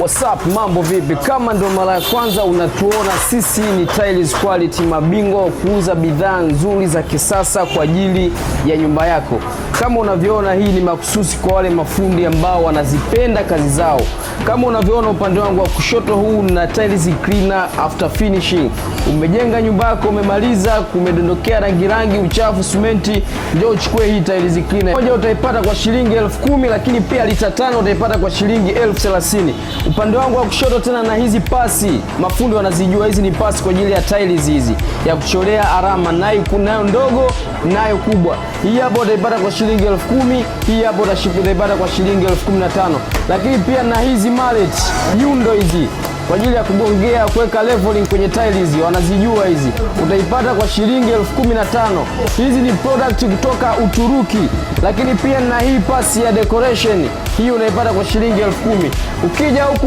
Whatsapp, mambo vipi? Kama ndo mara ya kwanza unatuona, sisi ni Tiles Quality, mabingwa wa kuuza bidhaa nzuri za kisasa kwa ajili ya nyumba yako. Kama unavyoona hii ni mahususi kwa wale mafundi ambao wanazipenda kazi zao. Kama unavyoona upande wangu wa kushoto, huu na tiles cleaner after finishing. Umejenga nyumba yako, umemaliza, kumedondokea rangi rangi, uchafu, simenti, ndio uchukue hii tiles cleaner. Moja utaipata kwa shilingi elfu kumi lakini pia lita tano utaipata kwa shilingi elfu thelathini. Upande wangu wa kushoto tena na hizi pasi, mafundi wanazijua hizi ni pasi kwa ajili ya tiles hizi ya kucholea alama, nayo kunayo ndogo nayo kubwa. Hii hapo utaipata kwa shilingi shilingi elfu kumi. Hii hapo utashipita ibada kwa shilingi elfu kumi na tano. Lakini pia na hizi mallet nyundo hizi kwa ajili ya kugongea kuweka leveling kwenye tile hizi, wanazijua hizi, utaipata kwa shilingi elfu kumi na tano. Hizi ni product kutoka Uturuki. Lakini pia na hii pasi ya decoration, hii unaipata kwa shilingi elfu kumi. Ukija huku